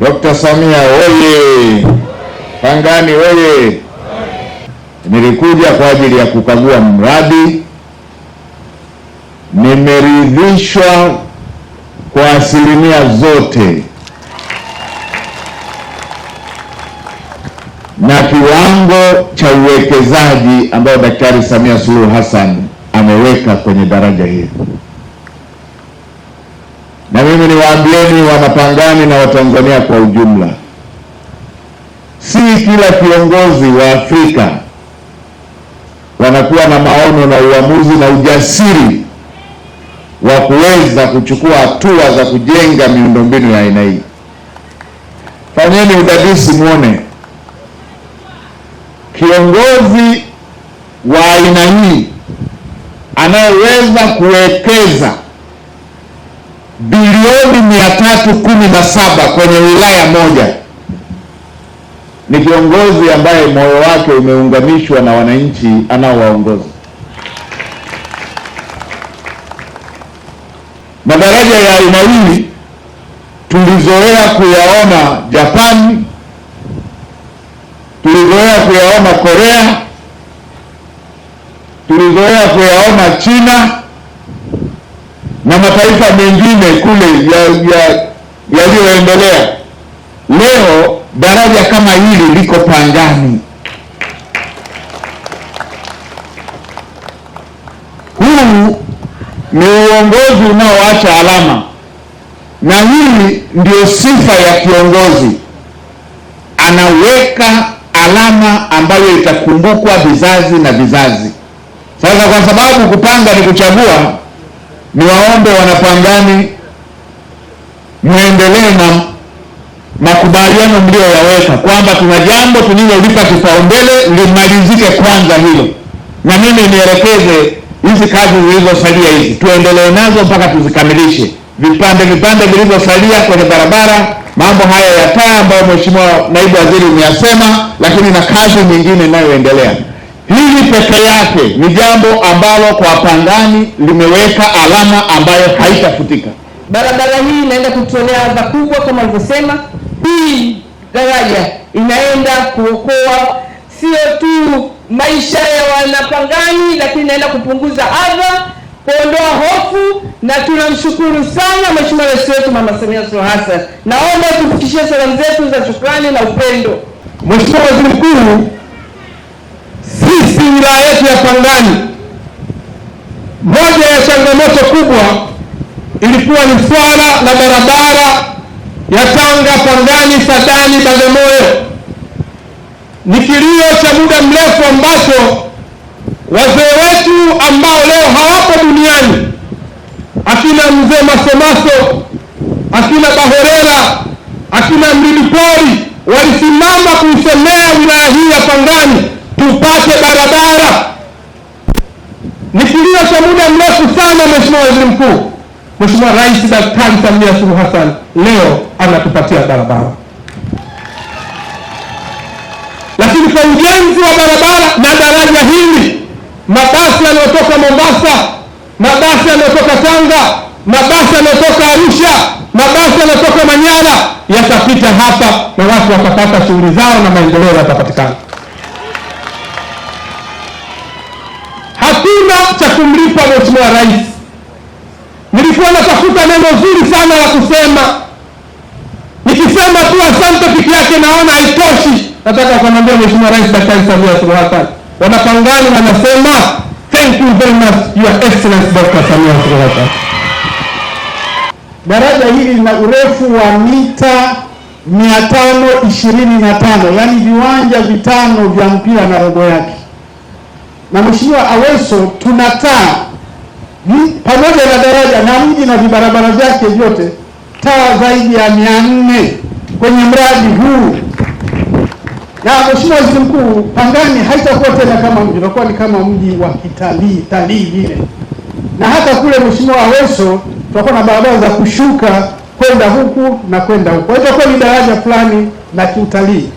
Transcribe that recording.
Dkt. Samia oye! Pangani oye! Nilikuja kwa ajili ya kukagua mradi. Nimeridhishwa kwa asilimia zote na kiwango cha uwekezaji ambayo Daktari Samia Suluhu Hassan ameweka kwenye daraja hili na mimi niwaambieni Wanapangani na Watanzania kwa ujumla, si kila kiongozi wa Afrika wanakuwa na maono na uamuzi na ujasiri wa kuweza kuchukua hatua za kujenga miundombinu ya aina hii. Fanyeni udadisi mwone kiongozi wa aina hii anayeweza kuwekeza bilioni mia tatu kumi na saba kwenye wilaya moja. Ni kiongozi ambaye moyo wake umeunganishwa na wananchi anaowaongoza. Madaraja ya aina hii tulizoea kuyaona Japani, tulizoea kuyaona Korea, tulizoea kuyaona China na mataifa mengine kule yaliyoendelea ya, ya leo daraja kama hili liko Pangani. Huu ni uongozi unaoacha alama, na hili ndio sifa ya kiongozi, anaweka alama ambayo itakumbukwa vizazi na vizazi. Sasa kwa sababu kupanga ni kuchagua niwaombe wanapangani, mwendelee na makubaliano mliyoyaweka kwamba tuna jambo tulilolipa kipaumbele limalizike kwanza hilo, na mimi nielekeze hizi kazi zilizosalia hizi tuendelee nazo mpaka tuzikamilishe, vipande vipande vilivyosalia kwenye barabara, mambo haya ya taa ambayo mweshimuwa Naibu Waziri umeyasema, lakini na kazi nyingine inayoendelea. Hili peke yake ni jambo ambalo kwa Pangani limeweka alama ambayo haitafutika. Barabara hii inaenda kutolea adha kubwa kama alivyosema. Hii daraja inaenda kuokoa sio tu maisha ya Wanapangani, lakini inaenda kupunguza adha, kuondoa hofu, na tunamshukuru sana Mheshimiwa Rais wetu Mama Samia Suluhu Hassan. Naomba tufikishie salamu zetu za shukrani na upendo. Mheshimiwa Waziri Mkuu ya Pangani, moja ya changamoto kubwa ilikuwa ni swala la barabara ya Tanga Pangani Sadani Bagamoyo. Ni kilio cha muda mrefu ambacho wazee wetu ambao leo hawapo duniani, akina mzee Masomaso, akina Bahorera, akina Mridipori walisimama kuisemea wilaya hii ya Pangani tupate barabara Mheshimiwa Waziri Mkuu, Mheshimiwa Rais Daktari Samia Suluhu Hassan leo anatupatia barabara, lakini kwa ujenzi wa barabara na daraja hili, mabasi yanayotoka Mombasa, mabasi yanayotoka Tanga, mabasi yanayotoka Arusha, mabasi yanayotoka Manyara yatapita hapa na watu watapata shughuli zao na maendeleo yatapatikana. Hakuna cha kumlipa Mheshimiwa Rais nilikuwa natafuta neno zuri sana la kusema. Nikisema tu asante piki yake naona haitoshi. Nataka kumwambia Mheshimiwa Rais Daktari Samia Suluhu Hassan, wanapangani wanasema thank you very much your excellence Dr. Samia Suluhu Hassan. Daraja hili lina urefu wa mita 525 yaani viwanja vitano vya mpira na robo yake, na Mheshimiwa Aweso tuna taa Hmm? pamoja na daraja na mji na vibarabara vyake vyote, taa zaidi ya mia nne kwenye mradi huu. Na Mheshimiwa Waziri Mkuu, Pangani haitakuwa tena kama mji, utakuwa ni kama mji wa kitalii talii vile, na hata kule Mheshimiwa Aweso tutakuwa na barabara za kushuka kwenda huku na kwenda huku, itakuwa ni daraja fulani la kiutalii.